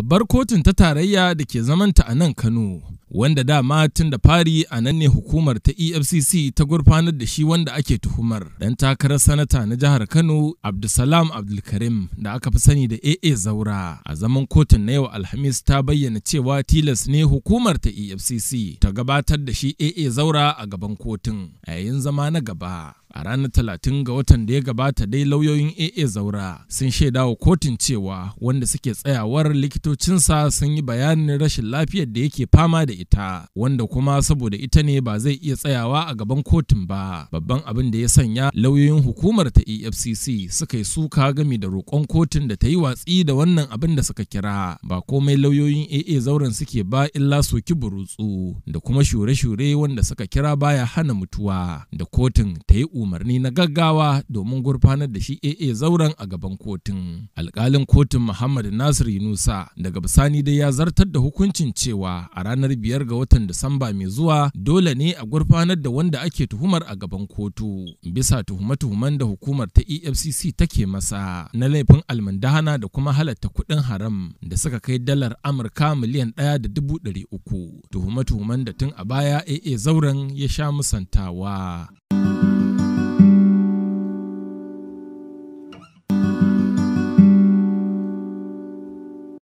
babbar kotun ta tarayya da ke zamanta a nan Kano wanda dama tun da fari a nan ne hukumar ta efcc ta gurfanar da shi wanda ake tuhumar dan takarar sanata na jihar kano abdulsalam abdulkarim da aka fi sani da aa zaura a zaman kotun na yau alhamis ta bayyana cewa tilas ne hukumar ta efcc ta gabatar da shi aa zaura a gaban kotun a yayin zama na gaba a ranar talatin ga watan da ya gabata dai lauyoyin aa zaura sun shaida wa kotun cewa wanda suke tsayawar likitocinsa sun yi bayanin rashin lafiyar da yake fama da ita wanda kuma saboda ita ne ba zai iya tsayawa a gaban kotun ba babban abin da ya sanya lauyoyin hukumar ta efcc suka yi suka gami da roƙon kotun da ta yi watsi da wannan abin da suka kira ba komai lauyoyin aa zauren suke ba illa soki burutsu da kuma shure-shure wanda suka kira baya hana mutuwa da kotun ta yi umarni na gaggawa domin gurfanar da shi aa zauren a gaban kotun alƙalin kotun muhammad nasir yunusa daga bisani dai ya zartar da hukuncin cewa a ranar biyar biyar ga watan Disamba mai zuwa dole ne a gurfanar da wanda ake tuhumar a gaban kotu bisa tuhume-tuhumen da hukumar ta EFCC take masa na laifin almandahana da kuma halatta kuɗin haram da suka kai dalar Amurka miliyan ɗaya da dubu ɗari uku tuhume-tuhumen da tun a baya AA zauren ya sha musantawa.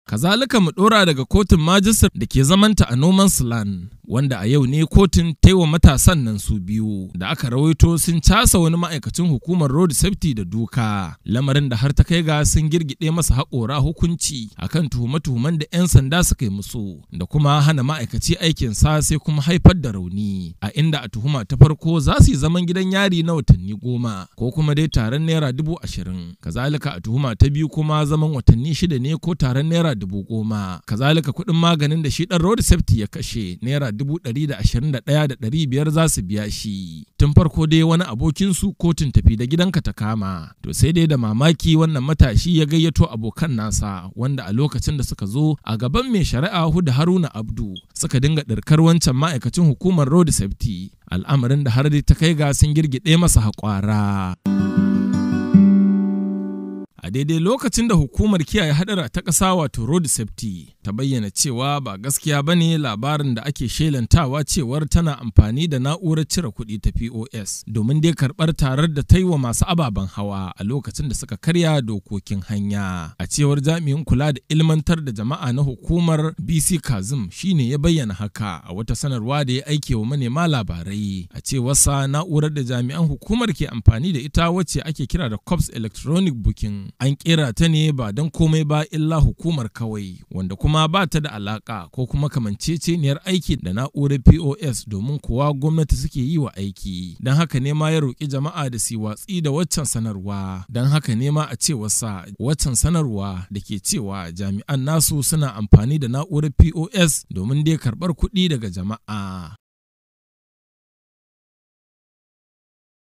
Kazalika mu ɗora daga kotun majistar da ke zamanta a Noman slan. wanda a yau ne kotun taiwa matasan nan su biyu da aka rawaito sun casa wani ma'aikacin hukumar road safety da duka lamarin da har ta kai ga sun girgide masa haƙora hukunci akan tuhume-tuhumen da 'yan sanda suka yi musu da kuma hana ma'aikaci aikin sa sai kuma haifar da rauni a inda a tuhuma ta farko za su yi zaman gidan yari na watanni goma ko kuma dai taron naira dubu ashirin kazalika a tuhuma ta biyu kuma zaman watanni shida ne ko taron naira dubu goma kazalika kuɗin maganin da shi ɗan road safety ya kashe naira dubu dubu da ɗaya da ɗari biyar za su biya shi tun farko dai wani abokinsu kotun tafi da gidanka ta kama to sai dai da mamaki wannan matashi ya gayyato abokan nasa wanda a lokacin da suka zo a gaban mai shari'a huda haruna abdu suka dinga ɗarkar wancan ma'aikacin hukumar road safety al'amarin da har dai ta kai ga sun girgide masa haƙwara. daidai lokacin da hukumar kiyaye hadara ta ƙasa wato road safety ta bayyana cewa ba gaskiya ba ne labarin da ake shelantawa cewar tana amfani da na'urar cire kuɗi ta pos domin dai karɓar tarar da ta yi wa masu ababen hawa a lokacin da suka karya dokokin hanya a cewar jami'in kula da ilmantar da jama'a na hukumar bc kazim shine ya bayyana haka a wata sanarwa da ya aike wa manema labarai a cewarsa na'urar da jami'an hukumar ke amfani da ita wacce ake kira da cops electronic booking an kera ta ne ba don komai ba illa hukumar kawai wanda kuma ba ta da alaka ko kuma kamanceceniyar aiki da na'urar pos domin kuwa gwamnati suke yi wa aiki don haka ne ma ya roƙi jama'a da su watsi da waccan sanarwa don haka ne ma a cewarsa waccan sanarwa da ke cewa jami'an nasu suna amfani da na'urar pos domin dai karɓar kuɗi daga jama'a